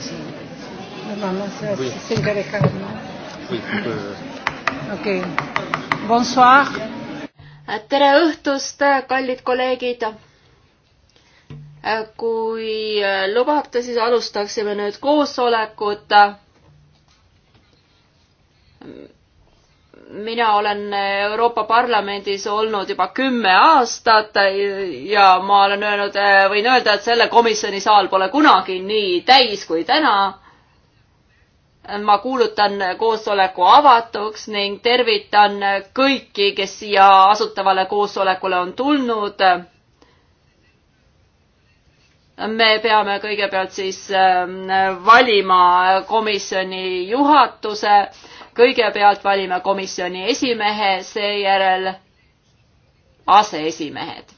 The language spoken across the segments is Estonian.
sì. Ma non si oui. sente le calme. Oui, okei okay.. Bonsoir. tere õhtust, kallid kolleegid. kui äh, lubate, siis alustaksime nüüd koosolekut mina olen Euroopa Parlamendis olnud juba kümme aastat ja ma olen öelnud, võin öelda, et selle komisjoni saal pole kunagi nii täis kui täna. ma kuulutan koosoleku avatuks ning tervitan kõiki, kes siia asutavale koosolekule on tulnud. me peame kõigepealt siis ähm, valima komisjoni juhatuse kõigepealt valime komisjoni esimehe, seejärel aseesimehed.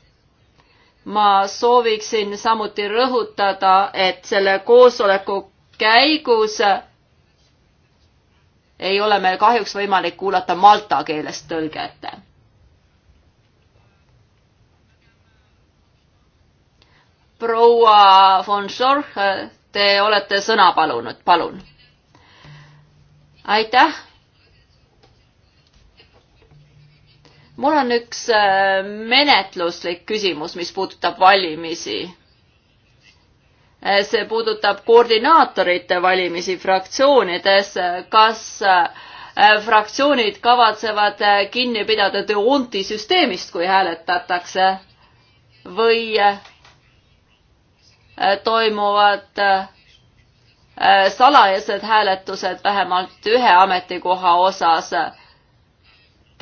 ma sooviksin samuti rõhutada, et selle koosoleku käigus ei ole meil kahjuks võimalik kuulata malta keelest tõlget. proua von Schorch, te olete sõna palunud, palun. aitäh mul on üks äh, menetluslik küsimus, mis puudutab valimisi. Äh, see puudutab koordinaatorite valimisi fraktsioonides. kas äh, fraktsioonid kavatsevad kinni pidada Deonti süsteemist, kui hääletatakse või toimuvad salajased hääletused vähemalt ühe ametikoha osas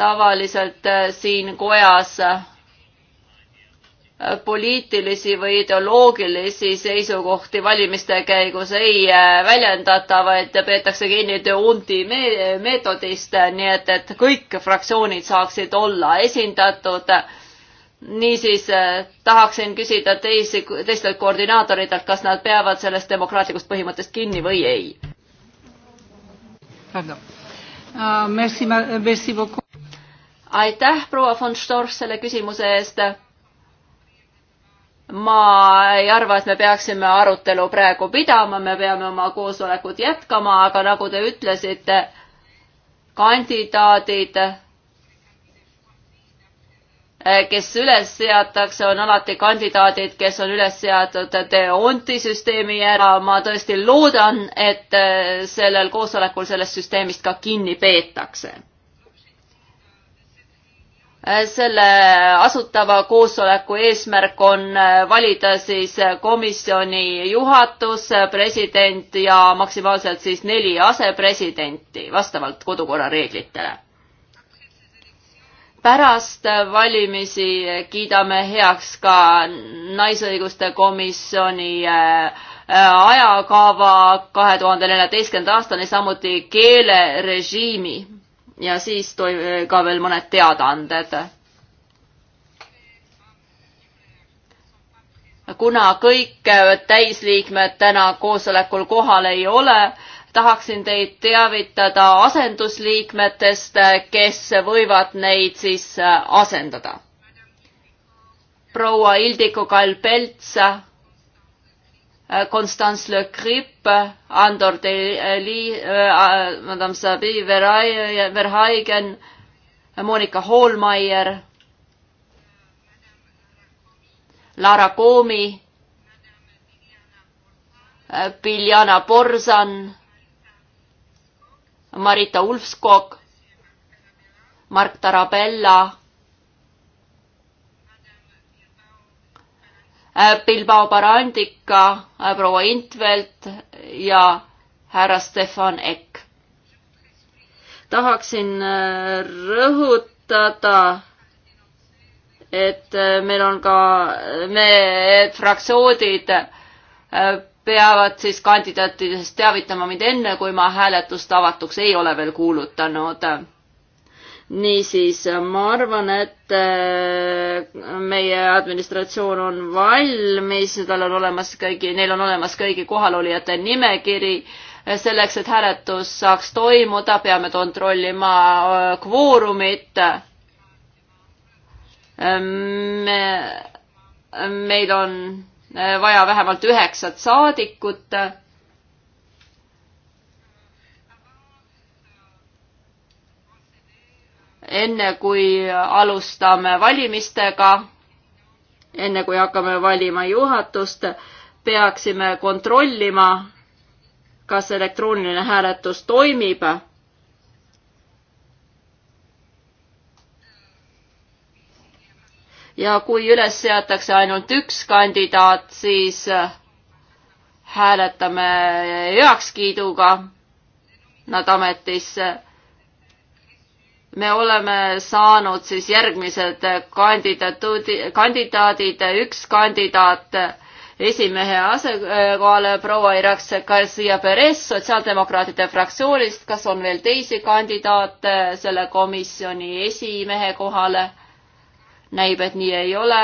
tavaliselt äh, siin kojas äh, poliitilisi või ideoloogilisi seisukohti valimiste käigus ei äh, väljendata, vaid peetakse kinni deonti meetodist, nii et, et kõik fraktsioonid saaksid olla esindatud. niisiis tahaksin küsida teisi, teistelt koordinaatoritelt, kas nad peavad sellest demokraatlikust põhimõttest kinni või ei. Pardon. Uh, merci, merci beaucoup aitäh, proua von Storch, selle küsimuse eest. ma ei arva, et me peaksime arutelu praegu pidama, me peame oma koosolekut jätkama, aga nagu te ütlesite, kandidaadid, kes üles seatakse, on alati kandidaadid, kes on üles seatud deonti süsteemi ära. ma tõesti loodan, et sellel koosolekul sellest süsteemist ka kinni peetakse Äh, selle asutava koosoleku eesmärk on äh, valida siis äh, komisjoni juhatus, president ja maksimaalselt siis neli asepresidenti vastavalt kodukorra reeglitele. pärast valimisi kiidame heaks ka Naisõiguste komisjoni ajakava kahe tuhande neljateistkümnenda aastani, samuti keelerežiimi ja siis ka veel mõned teadaanded. kuna kõik täisliikmed täna koosolekul kohal ei ole, tahaksin teid teavitada asendusliikmetest, kes võivad neid siis asendada. proua Ildiko Kalbeltsa Eh, Constance Le Grip, eh, Andor Deli, eh, ah, Madame Sabi Verhaigen, Monika Hoolmeier, Lara Koomi, Biljana Borsan, Marita Ulfskog, Mark Tarabella Äh, Bilbao Barandika, äh, proua Intvelt ja härra Stefan Ekk. tahaksin äh, rõhutada, et meil on ka, me fraktsioonid peavad siis kandidaatidest teavitama mind enne, kui ma hääletust avatuks ei ole veel kuulutanud niisiis ma arvan, et äh, meie administratsioon on valmis, tal on olemas kõigi, neil on olemas kõigi kohalolijate nimekiri. selleks, et hääletus saaks toimuda, peame kontrollima äh, kvoorumit. Ähm, me, meil on äh, vaja vähemalt üheksat saadikut enne kui alustame valimistega, enne kui hakkame valima juhatust, peaksime kontrollima, kas elektrooniline hääletus toimib ja kui üles seatakse ainult üks kandidaat, siis hääletame heakskiiduga nad ametisse me oleme saanud siis järgmised kandidaadi, kandidaadid, üks kandidaat esimehe asekohale, proua Irakse Garcia Perez sotsiaaldemokraatide fraktsioonist, kas on veel teisi kandidaate selle komisjoni esimehe kohale? näib, et nii ei ole,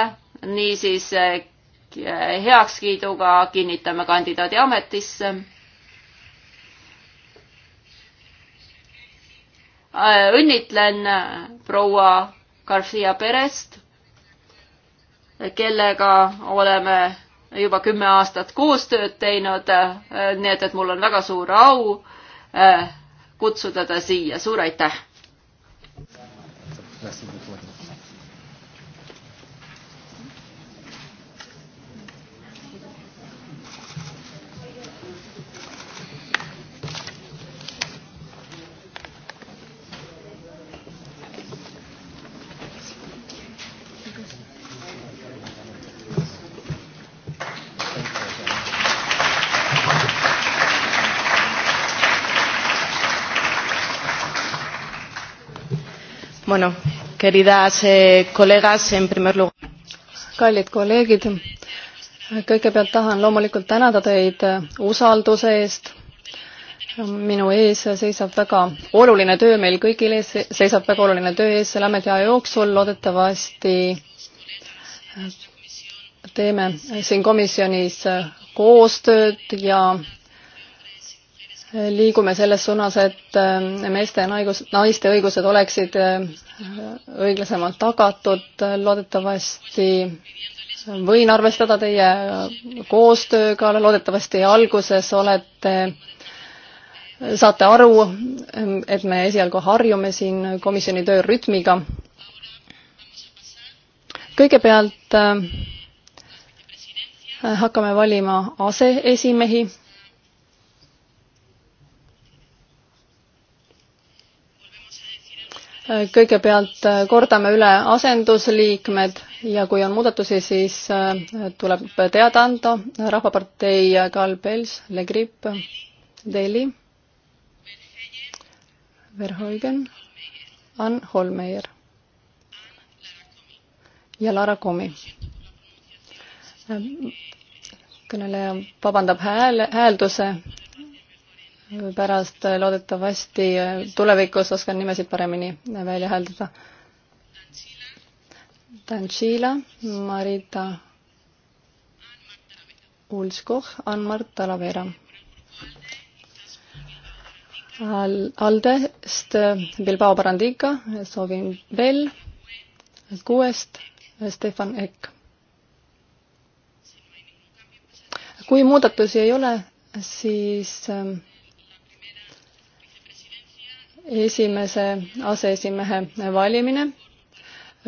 niisiis heakskiiduga kinnitame kandidaadi ametisse Äh, õnnitlen äh, proua Garcia Perest, kellega oleme juba kümme aastat koostööd teinud, äh, nii et, et mul on väga suur au kutsuda ta siia, suur aitäh! Bueno, queridas eh, colegas, en primer lugar. kallid kolleegid, kõigepealt tahan loomulikult tänada teid eh, usalduse eest. minu ees seisab väga oluline töö, meil kõigil ees seisab väga oluline töö ees selle ametiaja jooksul, loodetavasti eh, teeme siin komisjonis eh, koostööd ja liigume selles suunas, et äh, meeste ja naigus, naiste õigused oleksid äh, õiglasemalt tagatud, loodetavasti võin arvestada teie koostööga, loodetavasti alguses olete, saate aru, et me esialgu harjume siin komisjoni töörütmiga. kõigepealt äh, hakkame valima aseesimehi kõigepealt äh, kordame üle asendusliikmed ja kui on muudatusi, siis äh, tuleb teada anda. rahvapartei Karl Pels, Le Grip, Deli, Verhoeven, Ann Holmeier ja Lara Komi. Äh, kõneleja vabandab hääl, häälduse pärast äh, loodetavasti äh, tulevikus oskan nimesid paremini äh, välja hääldada. Tantšila, Marita Ulskog, Ann-Mart Talavera. Al-, Aldest Bilbao Barandiga soovin veel kuuest Stefan Ekk. kui muudatusi ei ole, siis äh, esimese aseesimehe valimine.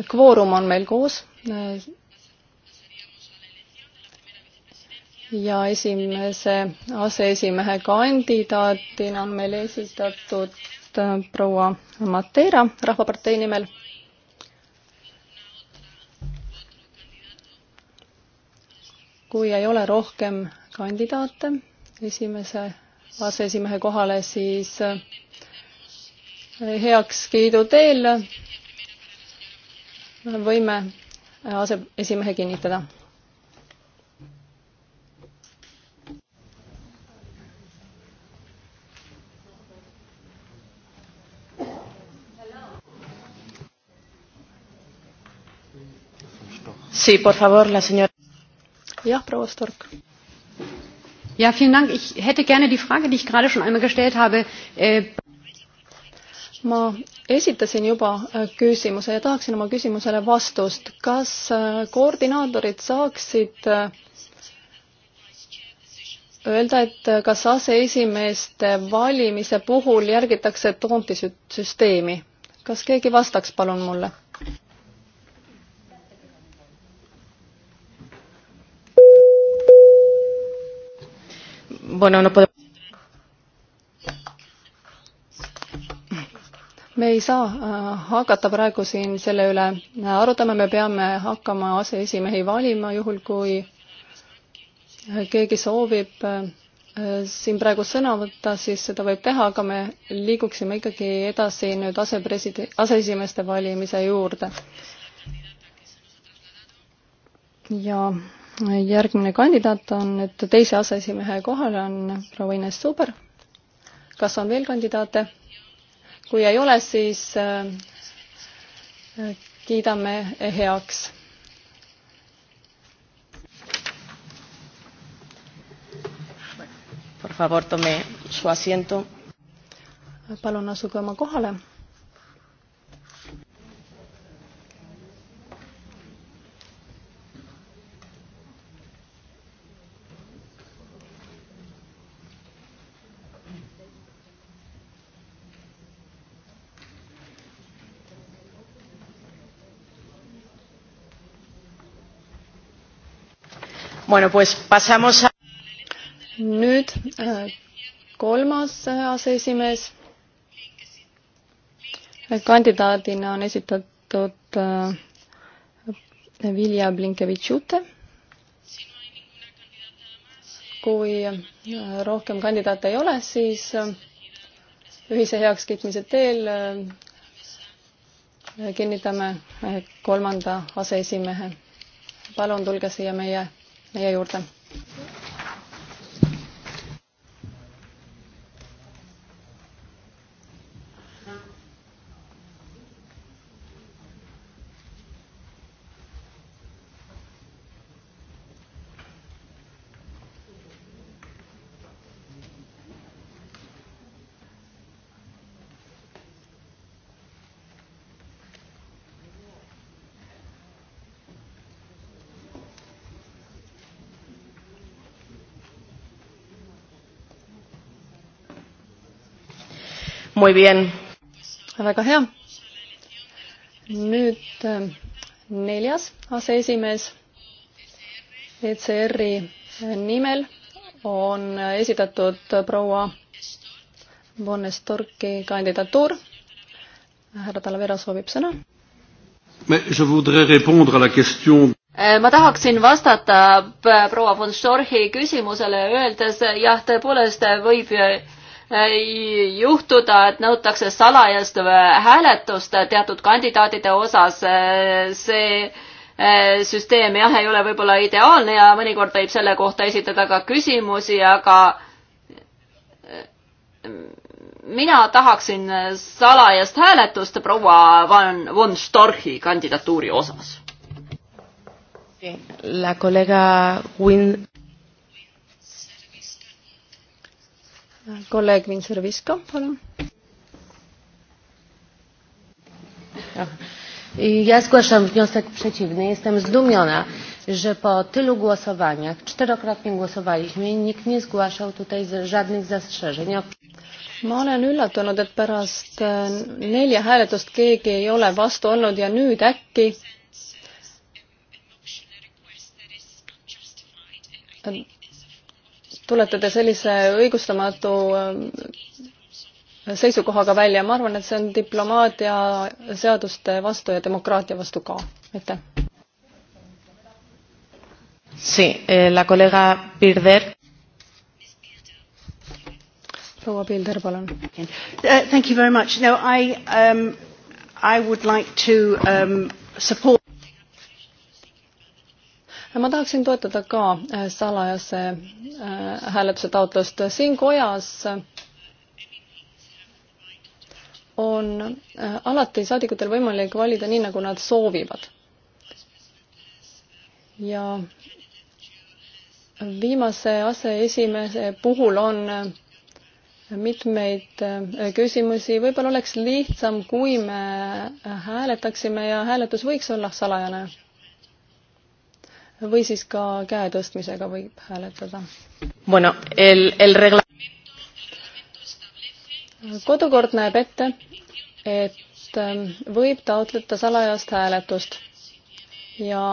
kvoorum on meil koos. ja esimese aseesimehe kandidaadina on meil esitatud äh, proua Mateera Rahvapartei nimel. kui ei ole rohkem kandidaate esimese aseesimehe kohale, siis äh, heakskiidu teel võime aseesimehe kinnitada. Sí, por favor, la señora. Ja, Frau Stork. Ja, vielen Dank. Ich hätte gerne die Frage, die ich gerade schon einmal gestellt habe, äh, ma esitasin juba äh, küsimuse ja tahaksin oma küsimusele vastust. kas äh, koordinaatorid saaksid äh, öelda, et kas aseesimeeste valimise puhul järgitakse Toompi süsteemi? kas keegi vastaks palun mulle? Bueno, no puedo me ei saa äh, hakata praegu siin selle üle arutama, me peame hakkama aseesimehi valima, juhul kui keegi soovib äh, siin praegu sõna võtta, siis seda võib teha, aga me liiguksime ikkagi edasi nüüd asepresidendi, aseesimeeste valimise juurde. ja järgmine kandidaat on nüüd teise aseesimehe kohale, on proua Ines Suber. kas on veel kandidaate? kui ei ole, siis äh, kiidame heaks. por favor tome su asiento. palun asuge oma kohale Bueno, pues pasamos a... nüüd äh, kolmas äh, aseesimees. kandidaadina on esitatud äh, Vilja Blinkevitš-Jute. kui rohkem kandidaate ei ole, siis ühise heakskiitmise teel kinnitame kolmanda aseesimehe. palun tulge siia meie meie juurde Muy bien. väga hea. nüüd äh, neljas aseesimees ECR-i äh, nimel on äh, esitatud proua Bonnestorki kandidatuur. härra Talavera soovib sõna. ma tahaksin vastata proua von Storchi küsimusele, öeldes jah, tõepoolest võib juhtuda, et nõutakse salajast hääletust teatud kandidaatide osas, see eh, süsteem jah, ei ole võib-olla ideaalne ja mõnikord võib selle kohta esitada ka küsimusi, aga eh, mina tahaksin salajast hääletust proua Van von Storchi kandidatuuri osas. La kolleega Win-, kolleeg Vintsar Visko, palun. Ja zgłaszam wniosek przeciwny. Jestem zdumiona, że po tylu głosowaniach, czterokrotnie głosowaliśmy i nikt nie zgłaszał tutaj żadnych zastrzeżeń. ma olen üllatunud, et pärast äh, nelja hääletust keegi ei ole vastu olnud ja nüüd äkki tulete te sellise õigustamatu ähm, seisukohaga välja, ma arvan, et see on diplomaatia seaduste vastu ja demokraatia vastu ka, aitäh. Sí, eh, la colega Pirder. Proua Pilder, palun. Uh, thank you very much. No, I, um, I would like to um, support ma tahaksin toetada ka äh, salajase äh, hääletuse taotlust. siin kojas äh, on alati saadikutel võimalik valida nii, nagu nad soovivad. ja viimase aseesimese puhul on mitmeid küsimusi, võib-olla oleks lihtsam, kui me hääletaksime ja hääletus võiks olla salajane või siis ka käe tõstmisega võib hääletada bueno,. El, el regla... kodukord näeb ette, et ähm, võib taotleda salajast hääletust ja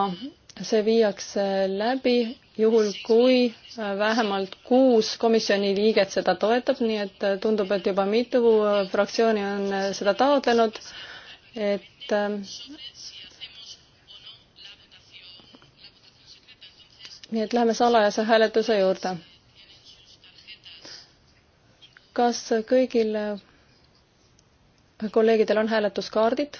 see viiakse läbi juhul, kui äh, vähemalt kuus komisjoni liiget seda toetab, nii et äh, tundub, et juba mitu äh, fraktsiooni on seda taotlenud, et ähm, nii et läheme salajase hääletuse juurde. kas kõigil äh, kolleegidel on hääletuskaardid?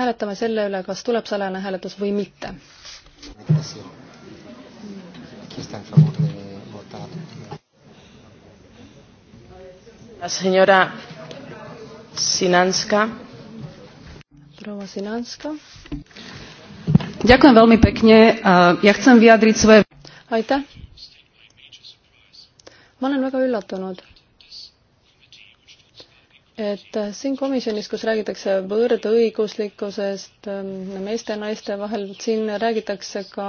hääletame selle üle, kas tuleb salajane hääletus või mitte. La señora Sinanska. Prvo Sinanska. Ďakujem veľmi pekne. Ja chcem vyjadriť svoje... Aitäh. Ma olen väga üllatunud, et siin komisjonis, kus räägitakse võrdõiguslikkusest ähm, meeste ja naiste vahel, siin räägitakse ka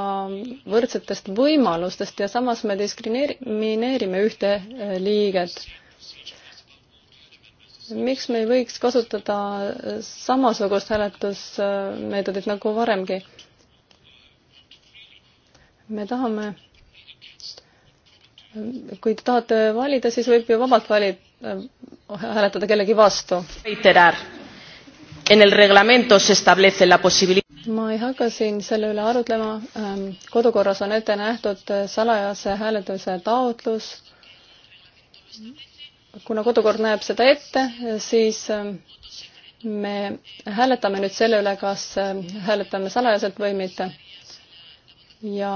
võrdsetest võimalustest ja samas me diskrimineerime ühte äh, liiget miks me ei võiks kasutada samasugust hääletusmeetodit nagu varemgi? me tahame, kui te tahate valida, siis võib ju vabalt vali-, hääletada kellegi vastu. ma ei hakka siin selle üle arutlema, ähm, kodukorras on ette nähtud salajase hääletuse taotlus kuna kodukord näeb seda ette, siis äh, me hääletame nüüd selle üle, kas äh, hääletame salajaselt või mitte. ja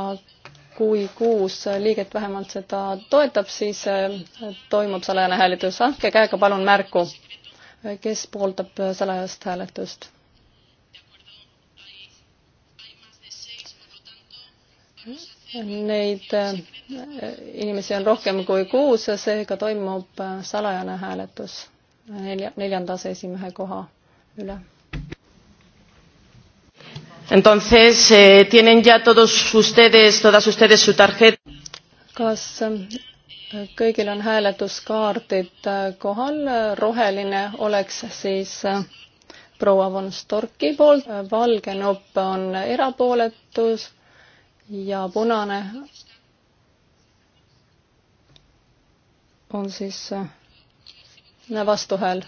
kui kuus liiget vähemalt seda toetab, siis äh, toimub salajane hääletus. andke käega palun märku, kes pooldab salajast hääletust. Neid äh, inimesi on rohkem kui kuus ja seega toimub äh, salajane hääletus nelja, neljanda aseesimehe koha üle. Entonces eh, tienen ya todos ustedes, todas ustedes su tarjeta. Kas äh, kõigil on hääletuskaardid kohal, roheline oleks siis proua von Storki poolt, valge nupp on erapooletus, ja punane on siis äh, vastuhääl.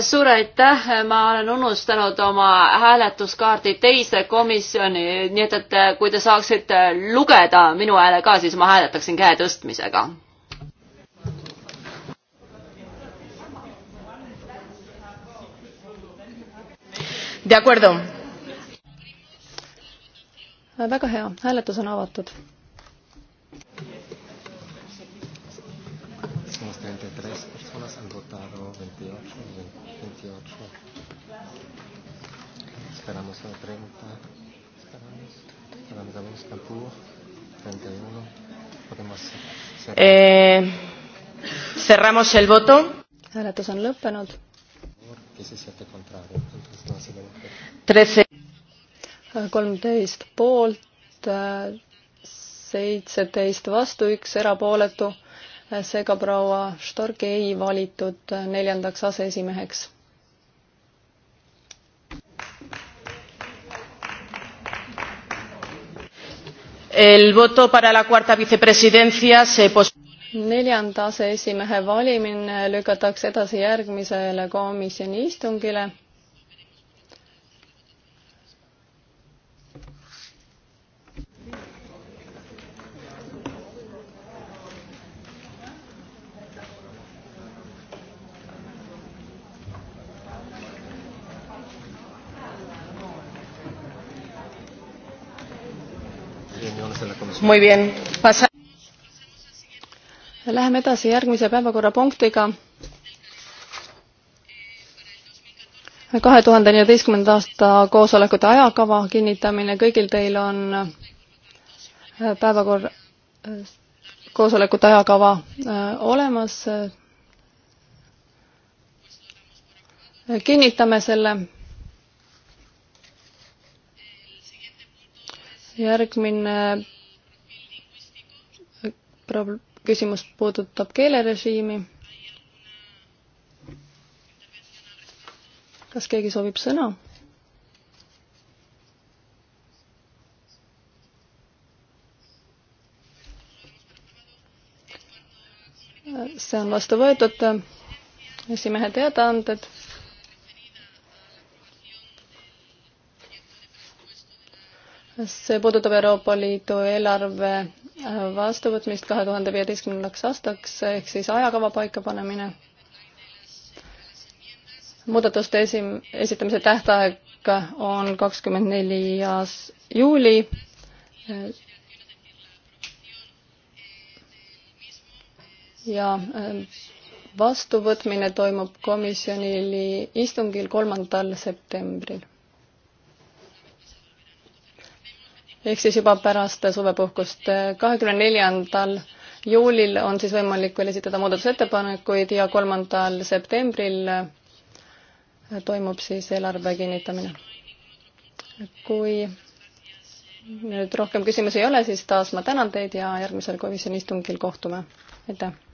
suur aitäh, ma olen unustanud oma hääletuskaardi teise komisjoni, nii et, et kui te saaksite lugeda minu hääle ka, siis ma hääletaksin käe tõstmisega De acuerdo väga hea, hääletus on avatud. Esperamos a 30, esperamos, esperamos a Campur, 31, podemos cerrar. Eh, cerramos el voto. Hääletus on lõppenud. 17 contrario, entonces no ha sido 13 kolmteist poolt, seitseteist vastu, üks erapooletu. seega proua Storki ei valitud neljandaks aseesimeheks. El voto para la cuarta vicepresidencia se pos- neljanda aseesimehe valimine lükatakse edasi järgmisele komisjoni istungile Muy bien. Pasa... Läheme edasi järgmise päevakorrapunktiga. kahe tuhande neljateistkümnenda aasta koosolekute ajakava kinnitamine, kõigil teil on äh, päevakord, äh, koosolekute ajakava äh, olemas. kinnitame selle järgmine äh, küsimus puudutab keelerežiimi. kas keegi soovib sõna? Äh, see on vastu võetud. esimehe teadaanded see puudutab Euroopa Liidu eelarve äh, vastuvõtmist kahe tuhande viieteistkümnendaks aastaks ehk siis ajakava paikapanemine. muudatuste esim-, esitamise tähtaeg on kakskümmend neli juuli. ja äh, vastuvõtmine toimub komisjoni istungil kolmandal septembril ehk siis juba pärast suvepuhkust. kahekümne neljandal juulil on siis võimalik veel esitada muudatusettepanekuid ja kolmandal septembril toimub siis eelarve kinnitamine. kui nüüd rohkem küsimusi ei ole, siis taas ma tänan teid ja järgmisel komisjoni istungil kohtume. aitäh!